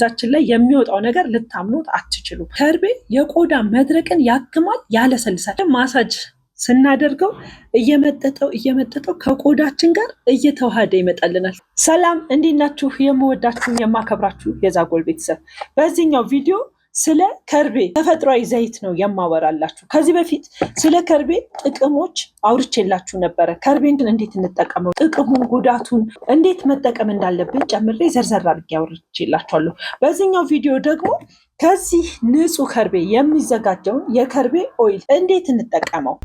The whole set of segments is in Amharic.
እዛችን ላይ የሚወጣው ነገር ልታምኑት አትችሉም። ከርቤ የቆዳ መድረቅን ያክማል፣ ያለሰልሳል። ማሳጅ ስናደርገው እየመጠጠው እየመጠጠው ከቆዳችን ጋር እየተዋሃደ ይመጣልናል። ሰላም እንዴት ናችሁ? የምወዳችሁ የማከብራችሁ የዛጎል ቤተሰብ በዚህኛው ቪዲዮ ስለ ከርቤ ተፈጥሯዊ ዘይት ነው የማወራላችሁ። ከዚህ በፊት ስለ ከርቤ ጥቅሞች አውርቼላችሁ ነበረ። ከርቤን እንዴት እንጠቀመው፣ ጥቅሙን፣ ጉዳቱን እንዴት መጠቀም እንዳለብን ጨምሬ ዘርዘር አድርጌ አውርቼላችኋለሁ። በዚህኛው ቪዲዮ ደግሞ ከዚህ ንጹህ ከርቤ የሚዘጋጀውን የከርቤ ኦይል እንዴት እንጠቀመው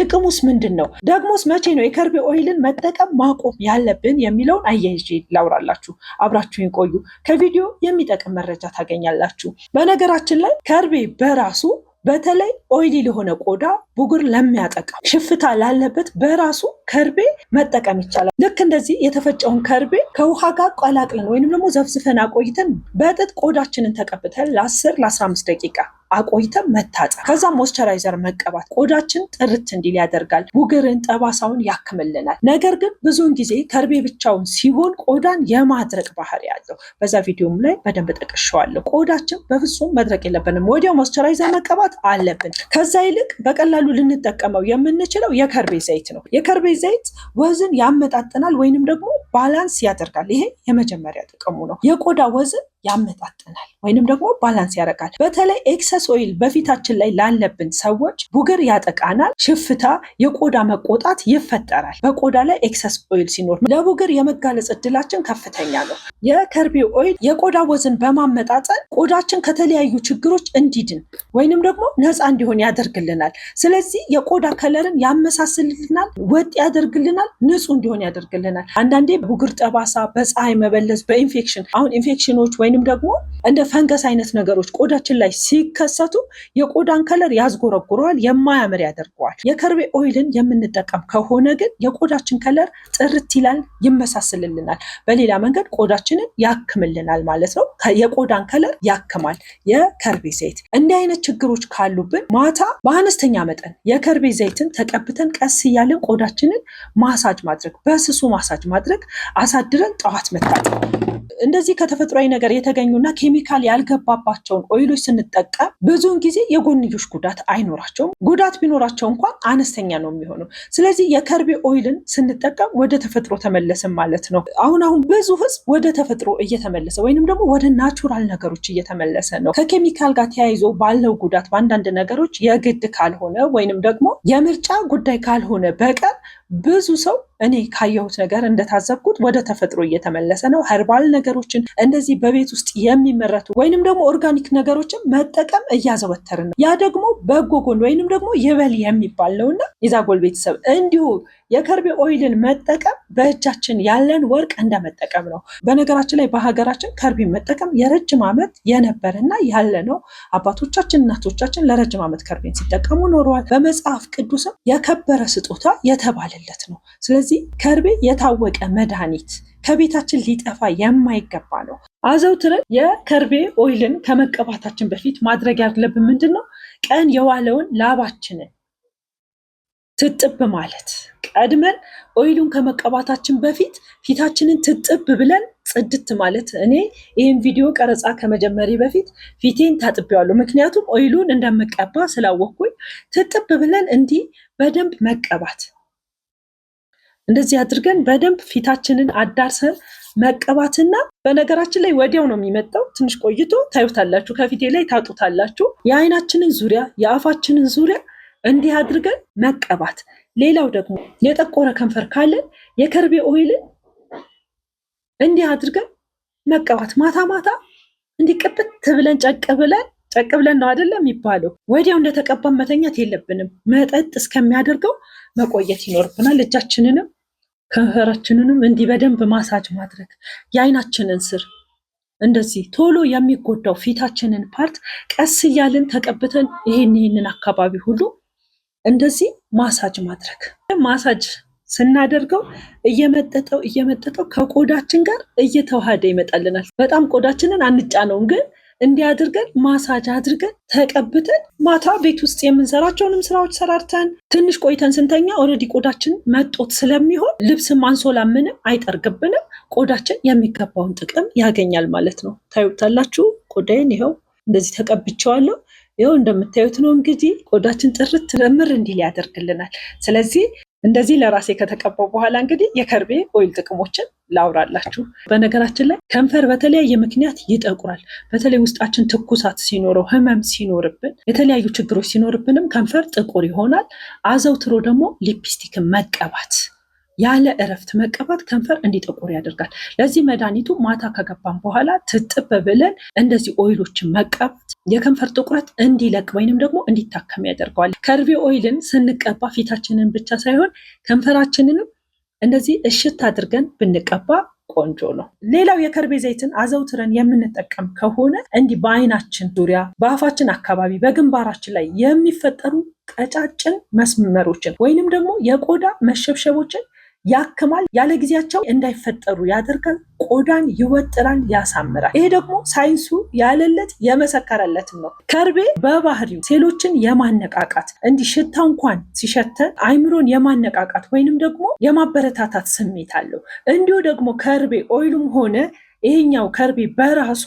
ጥቅሙስ ምንድን ነው? ደግሞስ መቼ ነው የከርቤ ኦይልን መጠቀም ማቆም ያለብን የሚለውን አያይዤ ላውራላችሁ። አብራችሁን ቆዩ። ከቪዲዮ የሚጠቅም መረጃ ታገኛላችሁ። በነገራችን ላይ ከርቤ በራሱ በተለይ ኦይሊ ለሆነ ቆዳ ብጉር ለሚያጠቃ ሽፍታ ላለበት በራሱ ከርቤ መጠቀም ይቻላል። ልክ እንደዚህ የተፈጨውን ከርቤ ከውሃ ጋር ቀላቅለን ወይንም ደግሞ ዘፍዝፈን አቆይተን በጥጥ ቆዳችንን ተቀብተን ለ10 ለ15 ደቂቃ አቆይተን መታጠብ፣ ከዛ ሞስቸራይዘር መቀባት ቆዳችን ጥርት እንዲል ያደርጋል። ቡግርን ጠባሳውን ያክምልናል። ነገር ግን ብዙውን ጊዜ ከርቤ ብቻውን ሲሆን ቆዳን የማድረቅ ባህሪ ያለው በዛ ቪዲዮም ላይ በደንብ ጠቅሸዋለሁ። ቆዳችን በፍጹም መድረቅ የለብንም። ወዲያው ሞስቸራይዘር መቀባት አለብን። ከዛ ይልቅ በቀላሉ ልንጠቀመው የምንችለው የከርቤ ዘይት ነው። የከርቤ ዘይት ወዝን ያመጣጥናል ወይንም ደግሞ ባላንስ ያደርጋል። ይሄ የመጀመሪያ ጥቅሙ ነው። የቆዳ ወዝን ያመጣጥናል ወይንም ደግሞ ባላንስ ያደርጋል። በተለይ ኤክሰስ ኦይል በፊታችን ላይ ላለብን ሰዎች ቡግር ያጠቃናል፣ ሽፍታ፣ የቆዳ መቆጣት ይፈጠራል። በቆዳ ላይ ኤክሰስ ኦይል ሲኖር ለቡግር የመጋለጽ እድላችን ከፍተኛ ነው። የከርቤ ኦይል የቆዳ ወዝን በማመጣጠን ቆዳችን ከተለያዩ ችግሮች እንዲድን ወይንም ደግሞ ነፃ እንዲሆን ያደርግልናል። ስለዚህ የቆዳ ከለርን ያመሳስልልናል፣ ወጥ ያደርግልናል፣ ንጹህ እንዲሆን ያደርግልናል። አንዳንዴ ቡግር ጠባሳ፣ በፀሐይ መበለዝ፣ በኢንፌክሽን አሁን ኢንፌክሽኖች ወይ ወይንም ደግሞ እንደ ፈንገስ አይነት ነገሮች ቆዳችን ላይ ሲከሰቱ የቆዳን ከለር ያዝጎረጉረዋል፣ የማያምር ያደርገዋል። የከርቤ ኦይልን የምንጠቀም ከሆነ ግን የቆዳችን ከለር ጥርት ይላል፣ ይመሳስልልናል። በሌላ መንገድ ቆዳችንን ያክምልናል ማለት ነው። የቆዳን ከለር ያክማል የከርቤ ዘይት። እንዲህ አይነት ችግሮች ካሉብን ማታ በአነስተኛ መጠን የከርቤ ዘይትን ተቀብተን ቀስ እያለን ቆዳችንን ማሳጅ ማድረግ፣ በስሱ ማሳጅ ማድረግ አሳድረን ጠዋት መታጠብ እንደዚህ ከተፈጥሯዊ ነገር የተገኙና ኬሚካል ያልገባባቸውን ኦይሎች ስንጠቀም ብዙውን ጊዜ የጎንዮሽ ጉዳት አይኖራቸውም። ጉዳት ቢኖራቸው እንኳን አነስተኛ ነው የሚሆነው። ስለዚህ የከርቤ ኦይልን ስንጠቀም ወደ ተፈጥሮ ተመለስን ማለት ነው። አሁን አሁን ብዙ ህዝብ ወደ ተፈጥሮ እየተመለሰ ወይንም ደግሞ ወደ ናቹራል ነገሮች እየተመለሰ ነው። ከኬሚካል ጋር ተያይዞ ባለው ጉዳት በአንዳንድ ነገሮች የግድ ካልሆነ ወይንም ደግሞ የምርጫ ጉዳይ ካልሆነ በቀር ብዙ ሰው እኔ ካየሁት ነገር እንደታዘብኩት ወደ ተፈጥሮ እየተመለሰ ነው። ሀርባል ነገሮችን እንደዚህ በቤት ውስጥ የሚመረቱ ወይንም ደግሞ ኦርጋኒክ ነገሮችን መጠቀም እያዘወተርን ነው። ያ ደግሞ በጎ ጎን ወይንም ደግሞ ይበል የሚባል ነው እና የዛጎል ቤተሰብ እንዲሁ የከርቤ ኦይልን መጠቀም በእጃችን ያለን ወርቅ እንደመጠቀም ነው። በነገራችን ላይ በሀገራችን ከርቤ መጠቀም የረጅም ዓመት የነበረና ያለ ነው። አባቶቻችን እናቶቻችን ለረጅም ዓመት ከርቤን ሲጠቀሙ ኖረዋል። በመጽሐፍ ቅዱስም የከበረ ስጦታ የተባለለት ነው። ስለዚህ ከርቤ የታወቀ መድኃኒት ከቤታችን ሊጠፋ የማይገባ ነው። አዘውትረን የከርቤ ኦይልን ከመቀባታችን በፊት ማድረግ ያለብን ምንድን ነው? ቀን የዋለውን ላባችንን ትጥብ ማለት ቀድመን ኦይሉን ከመቀባታችን በፊት ፊታችንን ትጥብ ብለን ጽድት ማለት። እኔ ይህን ቪዲዮ ቀረጻ ከመጀመሪ በፊት ፊቴን ታጥቤዋለሁ። ምክንያቱም ኦይሉን እንደምቀባ ስላወቅኩኝ ትጥብ ብለን እንዲህ በደንብ መቀባት፣ እንደዚህ አድርገን በደንብ ፊታችንን አዳርሰን መቀባትና በነገራችን ላይ ወዲያው ነው የሚመጣው። ትንሽ ቆይቶ ታዩታላችሁ፣ ከፊቴ ላይ ታጡታላችሁ። የአይናችንን ዙሪያ የአፋችንን ዙሪያ እንዲህ አድርገን መቀባት። ሌላው ደግሞ የጠቆረ ከንፈር ካለን የከርቤ ኦይልን እንዲህ አድርገን መቀባት። ማታ ማታ እንዲህ ቅብት ብለን ጨቅ ብለን ጨቅ ብለን ነው አይደለም የሚባለው። ወዲያው እንደተቀባን መተኛት የለብንም። መጠጥ እስከሚያደርገው መቆየት ይኖርብናል። እጃችንንም ከንፈራችንንም እንዲህ በደንብ ማሳጅ ማድረግ የአይናችንን ስር እንደዚህ ቶሎ የሚጎዳው ፊታችንን ፓርት ቀስ እያልን ተቀብተን ይህን ይህንን አካባቢ ሁሉ እንደዚህ ማሳጅ ማድረግ ማሳጅ ስናደርገው እየመጠጠው እየመጠጠው ከቆዳችን ጋር እየተዋሃደ ይመጣልናል። በጣም ቆዳችንን አንጫነውም፣ ግን እንዲህ አድርገን ማሳጅ አድርገን ተቀብተን ማታ ቤት ውስጥ የምንሰራቸውንም ስራዎች ሰራርተን ትንሽ ቆይተን ስንተኛ ኦልሬዲ ቆዳችን መጦት ስለሚሆን ልብስም አንሶላ ምንም አይጠርግብንም። ቆዳችን የሚገባውን ጥቅም ያገኛል ማለት ነው። ታዩታላችሁ። ቆዳዬን ይኸው እንደዚህ ተቀብቼዋለሁ። ይኸው እንደምታዩት ነው እንግዲህ ቆዳችን ጥርት ትረምር እንዲል ያደርግልናል። ስለዚህ እንደዚህ ለራሴ ከተቀባው በኋላ እንግዲህ የከርቤ ኦይል ጥቅሞችን ላውራላችሁ። በነገራችን ላይ ከንፈር በተለያየ ምክንያት ይጠቁራል። በተለይ ውስጣችን ትኩሳት ሲኖረው፣ ህመም ሲኖርብን፣ የተለያዩ ችግሮች ሲኖርብንም ከንፈር ጥቁር ይሆናል። አዘውትሮ ደግሞ ሊፕስቲክን መቀባት ያለ እረፍት መቀባት ከንፈር እንዲጠቁር ያደርጋል። ለዚህ መድኃኒቱ ማታ ከገባን በኋላ ትጥብ ብለን እንደዚህ ኦይሎችን መቀባት የከንፈር ጥቁረት እንዲለቅ ወይንም ደግሞ እንዲታከም ያደርገዋል። ከርቤ ኦይልን ስንቀባ ፊታችንን ብቻ ሳይሆን ከንፈራችንንም እንደዚህ እሽት አድርገን ብንቀባ ቆንጆ ነው። ሌላው የከርቤ ዘይትን አዘውትረን የምንጠቀም ከሆነ እንዲህ በአይናችን ዙሪያ፣ በአፋችን አካባቢ፣ በግንባራችን ላይ የሚፈጠሩ ቀጫጭን መስመሮችን ወይንም ደግሞ የቆዳ መሸብሸቦችን ያክማል፣ ያለ ጊዜያቸው እንዳይፈጠሩ ያደርጋል፣ ቆዳን ይወጥራል፣ ያሳምራል። ይሄ ደግሞ ሳይንሱ ያለለት የመሰከረለትም ነው። ከርቤ በባህሪው ሴሎችን የማነቃቃት እንዲህ ሽታ እንኳን ሲሸተን አይምሮን የማነቃቃት ወይንም ደግሞ የማበረታታት ስሜት አለው። እንዲሁ ደግሞ ከርቤ ኦይሉም ሆነ ይሄኛው ከርቤ በራሱ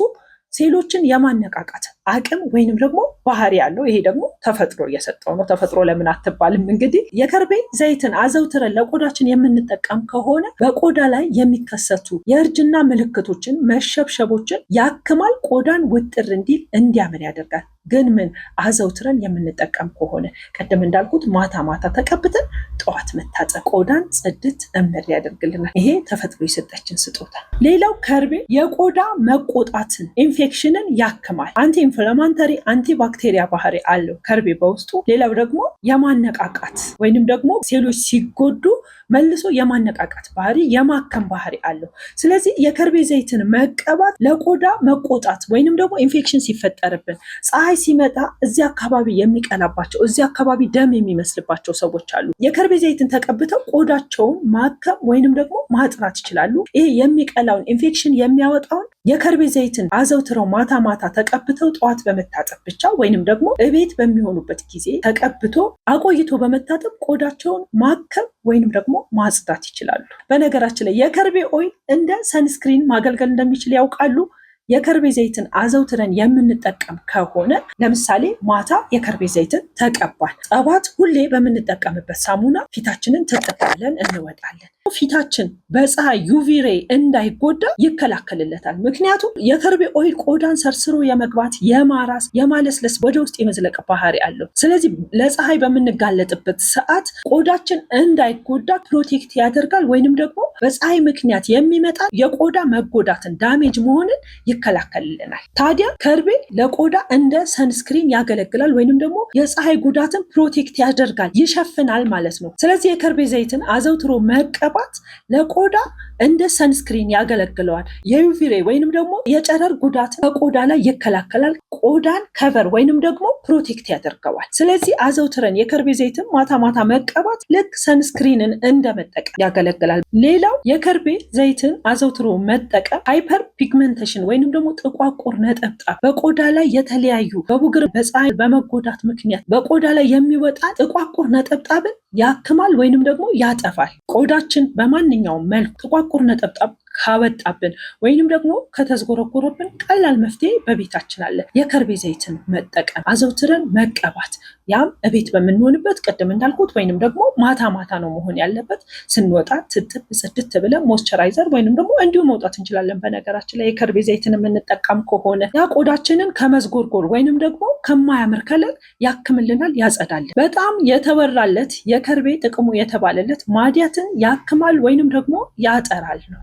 ሴሎችን የማነቃቃት አቅም ወይንም ደግሞ ባህሪ ያለው ይሄ ደግሞ ተፈጥሮ እየሰጠው ነው። ተፈጥሮ ለምን አትባልም? እንግዲህ የከርቤ ዘይትን አዘውትረን ለቆዳችን የምንጠቀም ከሆነ በቆዳ ላይ የሚከሰቱ የእርጅና ምልክቶችን፣ መሸብሸቦችን ያክማል። ቆዳን ውጥር እንዲል እንዲያምን ያደርጋል። ግን ምን አዘውትረን የምንጠቀም ከሆነ ቀደም እንዳልኩት ማታ ማታ ተቀብተን ጠዋት መታጠብ ቆዳን ጽድት እምር ያደርግልናል። ይሄ ተፈጥሮ የሰጠችን ስጦታ። ሌላው ከርቤ የቆዳ መቆጣትን ኢንፌክሽንን ያክማል። አንቲ ኢንፍላማንተሪ አንቲ ባክቴሪያ ባህሪ አለው ከርቤ በውስጡ። ሌላው ደግሞ የማነቃቃት ወይንም ደግሞ ሴሎች ሲጎዱ መልሶ የማነቃቃት ባህሪ፣ የማከም ባህሪ አለው። ስለዚህ የከርቤ ዘይትን መቀባት ለቆዳ መቆጣት ወይንም ደግሞ ኢንፌክሽን ሲፈጠርብን ፀሐይ ሲመጣ እዚህ አካባቢ የሚቀላባቸው እዚህ አካባቢ ደም የሚመስልባቸው ሰዎች አሉ። የከርቤ ዘይትን ተቀብተው ቆዳቸውን ማከም ወይንም ደግሞ ማጥራት ይችላሉ። ይሄ የሚቀላውን ኢንፌክሽን የሚያወጣውን የከርቤ ዘይትን አዘውትረው ማታ ማታ ተቀብተው ጠዋት በመታጠብ ብቻ ወይንም ደግሞ እቤት በሚሆኑበት ጊዜ ተቀብቶ አቆይቶ በመታጠብ ቆዳቸውን ማከም ወይንም ደግሞ ደግሞ ማጽዳት ይችላሉ። በነገራችን ላይ የከርቤ ኦይል እንደ ሰንስክሪን ማገልገል እንደሚችል ያውቃሉ? የከርቤ ዘይትን አዘውትረን የምንጠቀም ከሆነ ለምሳሌ ማታ የከርቤ ዘይትን ተቀባል፣ ጠዋት ሁሌ በምንጠቀምበት ሳሙና ፊታችንን ትጥታለን እንወጣለን። ፊታችን በፀሐይ ዩቪሬ እንዳይጎዳ ይከላከልለታል። ምክንያቱም የከርቤ ኦይል ቆዳን ሰርስሮ የመግባት የማራስ፣ የማለስለስ ወደ ውስጥ የመዝለቅ ባህሪ አለው። ስለዚህ ለፀሐይ በምንጋለጥበት ሰዓት ቆዳችን እንዳይጎዳ ፕሮቴክት ያደርጋል ወይንም ደግሞ በፀሐይ ምክንያት የሚመጣ የቆዳ መጎዳትን ዳሜጅ መሆንን ይከላከልልናል። ታዲያ ከርቤ ለቆዳ እንደ ሰንስክሪን ያገለግላል ወይንም ደግሞ የፀሐይ ጉዳትን ፕሮቴክት ያደርጋል፣ ይሸፍናል ማለት ነው። ስለዚህ የከርቤ ዘይትን አዘውትሮ መቀብ መቀባት ለቆዳ እንደ ሰንስክሪን ያገለግለዋል። የዩቪሬ ወይንም ደግሞ የጨረር ጉዳትን ከቆዳ ላይ ይከላከላል። ቆዳን ከቨር ወይንም ደግሞ ፕሮቴክት ያደርገዋል። ስለዚህ አዘውትረን የከርቤ ዘይትን ማታ ማታ መቀባት ልክ ሰንስክሪንን እንደመጠቀም ያገለግላል። ሌላው የከርቤ ዘይትን አዘውትሮ መጠቀም ሃይፐር ፒግመንቴሽን ወይንም ደግሞ ጥቋቁር ነጠብጣብ በቆዳ ላይ የተለያዩ በቡግር በፀሐይ በመጎዳት ምክንያት በቆዳ ላይ የሚወጣ ጥቋቁር ነጠብጣብን ያክማል ወይንም ደግሞ ያጠፋል። ቆዳችን በማንኛውም መልኩ ጥቁር ነጠብጣብ ካወጣብን ወይንም ደግሞ ከተዝጎረጎረብን ቀላል መፍትሄ በቤታችን አለ። የከርቤ ዘይትን መጠቀም አዘውትረን መቀባት ያም እቤት በምንሆንበት ቅድም እንዳልኩት ወይንም ደግሞ ማታ ማታ ነው መሆን ያለበት። ስንወጣ ትጥብ ጽድት ብለን ሞስቸራይዘር ወይንም ደግሞ እንዲሁ መውጣት እንችላለን። በነገራችን ላይ የከርቤ ዘይትን የምንጠቀም ከሆነ ያ ቆዳችንን ከመዝጎርጎር ወይንም ደግሞ ከማያምር ከለር ያክምልናል፣ ያጸዳል። በጣም የተወራለት የከርቤ ጥቅሙ የተባለለት ማዲያትን ያክማል ወይንም ደግሞ ያጠራል ነው።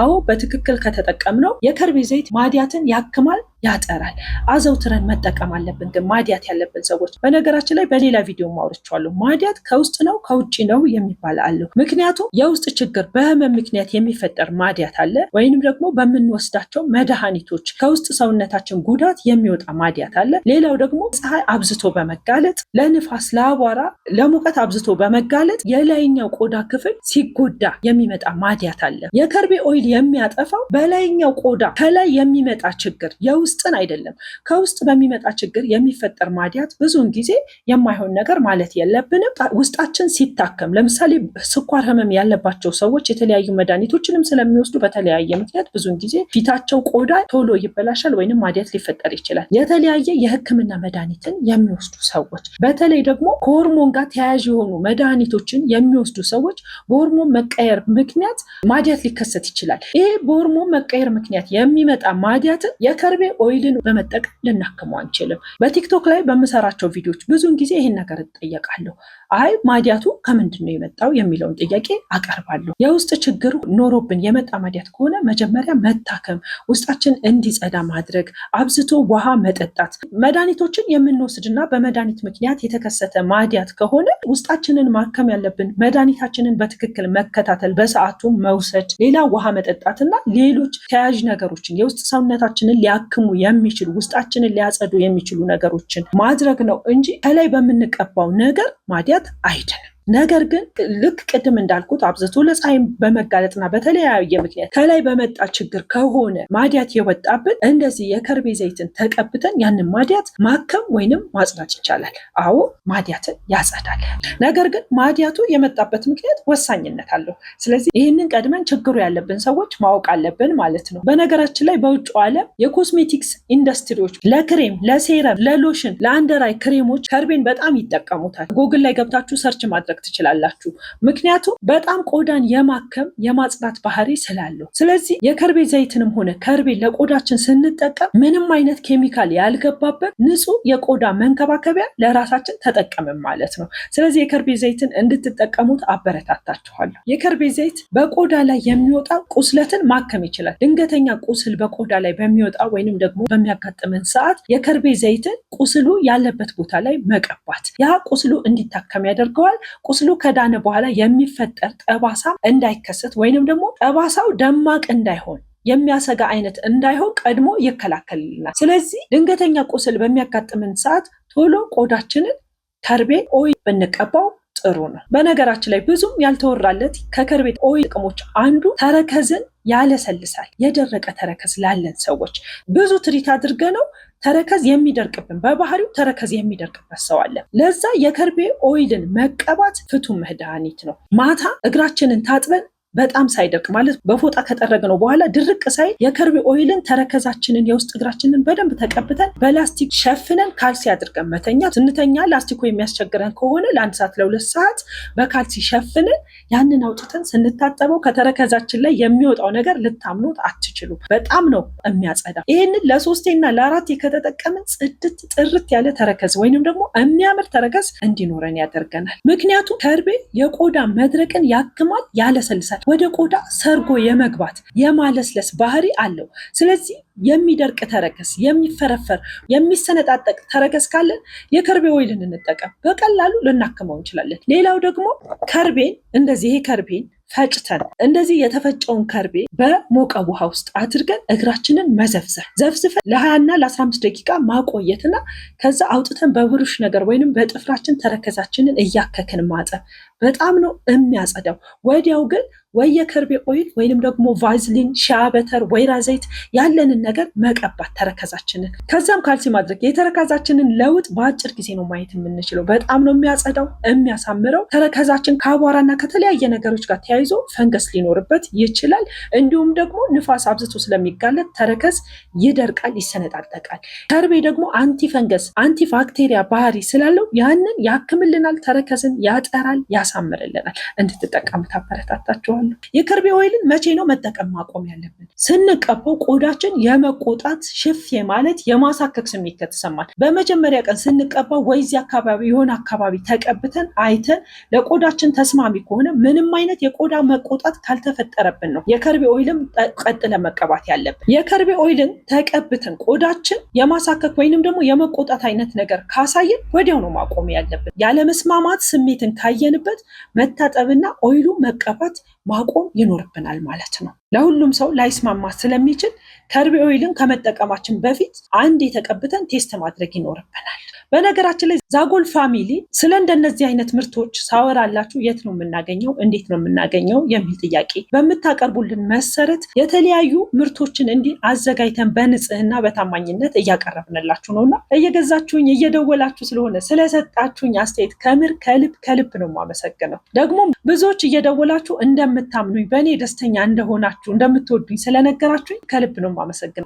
አዎ በትክክል ከተጠቀምነው የከርቤ ዘይት ማዲያትን ያክማል ያጠራል። አዘውትረን መጠቀም አለብን። ግን ማዲያት ያለብን ሰዎች በነገራችን ላይ በሌላ ቪዲዮ ማውርቻለሁ። ማዲያት ከውስጥ ነው ከውጭ ነው የሚባል አለው። ምክንያቱም የውስጥ ችግር በህመም ምክንያት የሚፈጠር ማዲያት አለ፣ ወይንም ደግሞ በምንወስዳቸው መድኃኒቶች ከውስጥ ሰውነታችን ጉዳት የሚወጣ ማዲያት አለ። ሌላው ደግሞ ፀሐይ አብዝቶ በመጋለጥ ለንፋስ፣ ለአቧራ፣ ለሙቀት አብዝቶ በመጋለጥ የላይኛው ቆዳ ክፍል ሲጎዳ የሚመጣ ማዲያት አለ። የከርቤ ኦይል የሚያጠፋው በላይኛው ቆዳ ከላይ የሚመጣ ችግር የውስጥ ውስጥን አይደለም። ከውስጥ በሚመጣ ችግር የሚፈጠር ማዲያት ብዙውን ጊዜ የማይሆን ነገር ማለት የለብንም። ውስጣችን ሲታከም፣ ለምሳሌ ስኳር ህመም ያለባቸው ሰዎች የተለያዩ መድኃኒቶችንም ስለሚወስዱ በተለያየ ምክንያት ብዙውን ጊዜ ፊታቸው፣ ቆዳ ቶሎ ይበላሻል ወይንም ማዲያት ሊፈጠር ይችላል። የተለያየ የህክምና መድኃኒትን የሚወስዱ ሰዎች በተለይ ደግሞ ከሆርሞን ጋር ተያያዥ የሆኑ መድኃኒቶችን የሚወስዱ ሰዎች በሆርሞን መቀየር ምክንያት ማዲያት ሊከሰት ይችላል። ይሄ በሆርሞን መቀየር ምክንያት የሚመጣ ማዲያትን የከርቤ ኦይልን በመጠቀም ልናክመው አንችልም። በቲክቶክ ላይ በምሰራቸው ቪዲዮዎች ብዙውን ጊዜ ይህን ነገር እጠየቃለሁ። አይ ማዲያቱ ከምንድን ነው የመጣው የሚለውን ጥያቄ አቀርባለሁ። የውስጥ ችግር ኖሮብን የመጣ ማዲያት ከሆነ መጀመሪያ መታከም፣ ውስጣችን እንዲጸዳ ማድረግ፣ አብዝቶ ውሃ መጠጣት፣ መድኃኒቶችን የምንወስድና በመድኃኒት ምክንያት የተከሰተ ማዲያት ከሆነ ውስጣችንን ማከም ያለብን መድኃኒታችንን በትክክል መከታተል፣ በሰዓቱ መውሰድ፣ ሌላ ውሃ መጠጣትና ሌሎች ተያዥ ነገሮችን የውስጥ ሰውነታችንን ሊያክሙ የሚችሉ ውስጣችንን ሊያጸዱ የሚችሉ ነገሮችን ማድረግ ነው እንጂ ከላይ በምንቀባው ነገር ማዲያት Item. ነገር ግን ልክ ቅድም እንዳልኩት አብዝቶ ለፀሐይ በመጋለጥና በተለያየ ምክንያት ከላይ በመጣ ችግር ከሆነ ማዲያት የወጣብን እንደዚህ የከርቤ ዘይትን ተቀብተን ያንን ማዲያት ማከም ወይንም ማጽዳት ይቻላል። አዎ ማዲያትን ያጸዳል። ነገር ግን ማዲያቱ የመጣበት ምክንያት ወሳኝነት አለው። ስለዚህ ይህንን ቀድመን ችግሩ ያለብን ሰዎች ማወቅ አለብን ማለት ነው። በነገራችን ላይ በውጭ ዓለም የኮስሜቲክስ ኢንዱስትሪዎች ለክሬም፣ ለሴረም፣ ለሎሽን፣ ለአንደራይ ክሬሞች ከርቤን በጣም ይጠቀሙታል። ጉግል ላይ ገብታችሁ ሰርች ማድረግ ማድረግ ትችላላችሁ። ምክንያቱም በጣም ቆዳን የማከም የማጽዳት ባህሪ ስላለው። ስለዚህ የከርቤ ዘይትንም ሆነ ከርቤ ለቆዳችን ስንጠቀም ምንም አይነት ኬሚካል ያልገባበት ንጹህ የቆዳ መንከባከቢያ ለራሳችን ተጠቀምም ማለት ነው። ስለዚህ የከርቤ ዘይትን እንድትጠቀሙት አበረታታችኋለሁ። የከርቤ ዘይት በቆዳ ላይ የሚወጣ ቁስለትን ማከም ይችላል። ድንገተኛ ቁስል በቆዳ ላይ በሚወጣ ወይንም ደግሞ በሚያጋጥመን ሰዓት የከርቤ ዘይትን ቁስሉ ያለበት ቦታ ላይ መቀባት ያ ቁስሉ እንዲታከም ያደርገዋል። ቁስሉ ከዳነ በኋላ የሚፈጠር ጠባሳ እንዳይከሰት ወይንም ደግሞ ጠባሳው ደማቅ እንዳይሆን የሚያሰጋ አይነት እንዳይሆን ቀድሞ ይከላከልልናል። ስለዚህ ድንገተኛ ቁስል በሚያጋጥምን ሰዓት ቶሎ ቆዳችንን ተርቤን ኦይ ብንቀባው ጥሩ ነው። በነገራችን ላይ ብዙም ያልተወራለት ከከርቤ ኦይል ጥቅሞች አንዱ ተረከዝን ያለሰልሳል። የደረቀ ተረከዝ ላለን ሰዎች ብዙ ትሪት አድርገ ነው ተረከዝ የሚደርቅብን በባህሪው ተረከዝ የሚደርቅበት ሰው አለ። ለዛ የከርቤ ኦይልን መቀባት ፍቱ መድኃኒት ነው። ማታ እግራችንን ታጥበን በጣም ሳይደርቅ ማለት በፎጣ ከጠረግነው በኋላ ድርቅ ሳይ የከርቤ ኦይልን ተረከዛችንን የውስጥ እግራችንን በደንብ ተቀብተን በላስቲክ ሸፍነን ካልሲ አድርገን መተኛ ስንተኛ ላስቲኩ የሚያስቸግረን ከሆነ ለአንድ ሰዓት ለሁለት ሰዓት በካልሲ ሸፍንን ያንን አውጥተን ስንታጠበው ከተረከዛችን ላይ የሚወጣው ነገር ልታምኖት አትችሉ። በጣም ነው የሚያጸዳ። ይህንን ለሶስቴና ለአራቴ ከተጠቀምን ጽድት ጥርት ያለ ተረከዝ ወይንም ደግሞ የሚያምር ተረከዝ እንዲኖረን ያደርገናል። ምክንያቱም ከርቤ የቆዳ መድረቅን ያክማል፣ ያለሰልሳል ወደ ቆዳ ሰርጎ የመግባት የማለስለስ ባህሪ አለው። ስለዚህ የሚደርቅ ተረከስ የሚፈረፈር የሚሰነጣጠቅ ተረከስ ካለን የከርቤ ወይልን እንጠቀም። በቀላሉ ልናክመው እንችላለን። ሌላው ደግሞ ከርቤን እንደዚህ ይሄ ከርቤን ፈጭተን እንደዚህ የተፈጨውን ከርቤ በሞቀ ውሃ ውስጥ አድርገን እግራችንን መዘፍዘፍ ዘፍዝፈን ለሀያና ለአስራ አምስት ደቂቃ ማቆየትና ከዛ አውጥተን በብሩሽ ነገር ወይንም በጥፍራችን ተረከዛችንን እያከክን ማጠብ በጣም ነው የሚያጸዳው። ወዲያው ግን ወይ የከርቤ ኦይል ወይንም ደግሞ ቫዝሊን፣ ሻበተር፣ ወይራ ዘይት ያለንን ነገር መቀባት ተረከዛችንን፣ ከዚያም ካልሲ ማድረግ። የተረከዛችንን ለውጥ በአጭር ጊዜ ነው ማየት የምንችለው። በጣም ነው የሚያጸዳው የሚያሳምረው። ተረከዛችን ከአቧራና ከተለያየ ነገሮች ጋር ተያይዞ ፈንገስ ሊኖርበት ይችላል። እንዲሁም ደግሞ ንፋስ አብዝቶ ስለሚጋለጥ ተረከዝ ይደርቃል፣ ይሰነጣጠቃል። ተርቤ ደግሞ አንቲ ፈንገስ አንቲ ባክቴሪያ ባህሪ ስላለው ያንን ያክምልናል፣ ተረከዝን ያጠራል፣ ያሳምርልናል። እንድትጠቀሙ ታበረታታችኋለሁ። የከርቤ ወይልን መቼ ነው መጠቀም ማቆም ያለብን? ስንቀባው ቆዳችን የመቆጣት ሽፍ ማለት የማሳከክ ስሜት ከተሰማል በመጀመሪያ ቀን ስንቀባ ወይዚህ አካባቢ የሆነ አካባቢ ተቀብተን አይተን ለቆዳችን ተስማሚ ከሆነ ምንም አይነት የቆዳ መቆጣት ካልተፈጠረብን ነው የከርቤ ኦይልም ቀጥለ መቀባት ያለብን። የከርቤ ኦይልን ተቀብተን ቆዳችን የማሳከክ ወይንም ደግሞ የመቆጣት አይነት ነገር ካሳየን ወዲያው ነው ማቆም ያለብን። ያለመስማማት ስሜትን ካየንበት መታጠብና ኦይሉ መቀባት ማቆም ይኖርብናል ማለት ነው። ለሁሉም ሰው ላይስማማ ስለሚችል ከርቤ ኦይልን ከመጠቀማችን በፊት አንድ የተቀብተን ቴስት ማድረግ ይኖርብናል። በነገራችን ላይ ዛጎል ፋሚሊ ስለ እንደነዚህ አይነት ምርቶች ሳወራላችሁ የት ነው የምናገኘው፣ እንዴት ነው የምናገኘው የሚል ጥያቄ በምታቀርቡልን መሰረት የተለያዩ ምርቶችን እንዲህ አዘጋጅተን በንጽህና በታማኝነት እያቀረብንላችሁ ነውና እየገዛችሁኝ እየደወላችሁ ስለሆነ ስለሰጣችሁኝ አስተያየት ከምር ከልብ ከልብ ነው የማመሰግነው። ደግሞ ብዙዎች እየደወላችሁ እንደ እንደምታምኑኝ በእኔ ደስተኛ እንደሆናችሁ እንደምትወዱኝ ስለነገራችሁኝ ከልብ ነው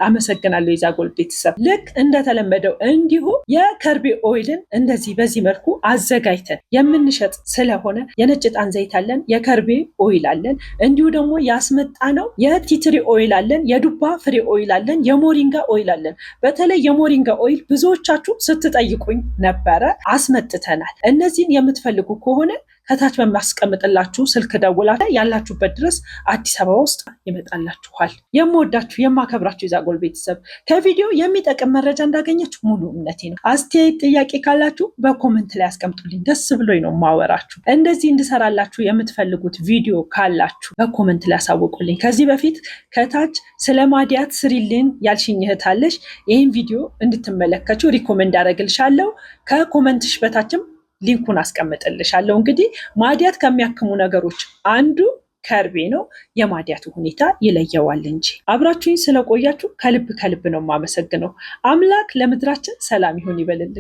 አመሰግናለሁ። የዛጎል ቤተሰብ ልክ እንደተለመደው እንዲሁ የከርቤ ኦይልን እንደዚህ በዚህ መልኩ አዘጋጅተን የምንሸጥ ስለሆነ የነጭ ጣን ዘይት አለን፣ የከርቤ ኦይል አለን፣ እንዲሁ ደግሞ ያስመጣ ነው የቲትሪ ኦይል አለን፣ የዱባ ፍሬ ኦይል አለን፣ የሞሪንጋ ኦይል አለን። በተለይ የሞሪንጋ ኦይል ብዙዎቻችሁ ስትጠይቁኝ ነበረ፣ አስመጥተናል። እነዚህን የምትፈልጉ ከሆነ ከታች በማስቀምጥላችሁ ስልክ ደውላ ያላችሁበት ድረስ አዲስ አበባ ውስጥ ይመጣላችኋል። የምወዳችሁ የማከብራችሁ የዛጎል ቤተሰብ ከቪዲዮ የሚጠቅም መረጃ እንዳገኘችሁ ሙሉ እምነቴ ነው። አስተያየት፣ ጥያቄ ካላችሁ በኮመንት ላይ አስቀምጡልኝ። ደስ ብሎኝ ነው ማወራችሁ። እንደዚህ እንድሰራላችሁ የምትፈልጉት ቪዲዮ ካላችሁ በኮመንት ላይ አሳውቁልኝ። ከዚህ በፊት ከታች ስለ ማዲያት ስሪልን ያልሽኝ ይህን ቪዲዮ እንድትመለከችው ሪኮመንድ አደረግልሻለሁ። ከኮመንትሽ በታችም ሊንኩን አስቀምጥልሻለሁ። እንግዲህ ማዲያት ከሚያክሙ ነገሮች አንዱ ከርቤ ነው። የማዲያቱ ሁኔታ ይለየዋል እንጂ። አብራችሁኝ ስለቆያችሁ ከልብ ከልብ ነው የማመሰግነው። አምላክ ለምድራችን ሰላም ይሁን ይበልልን።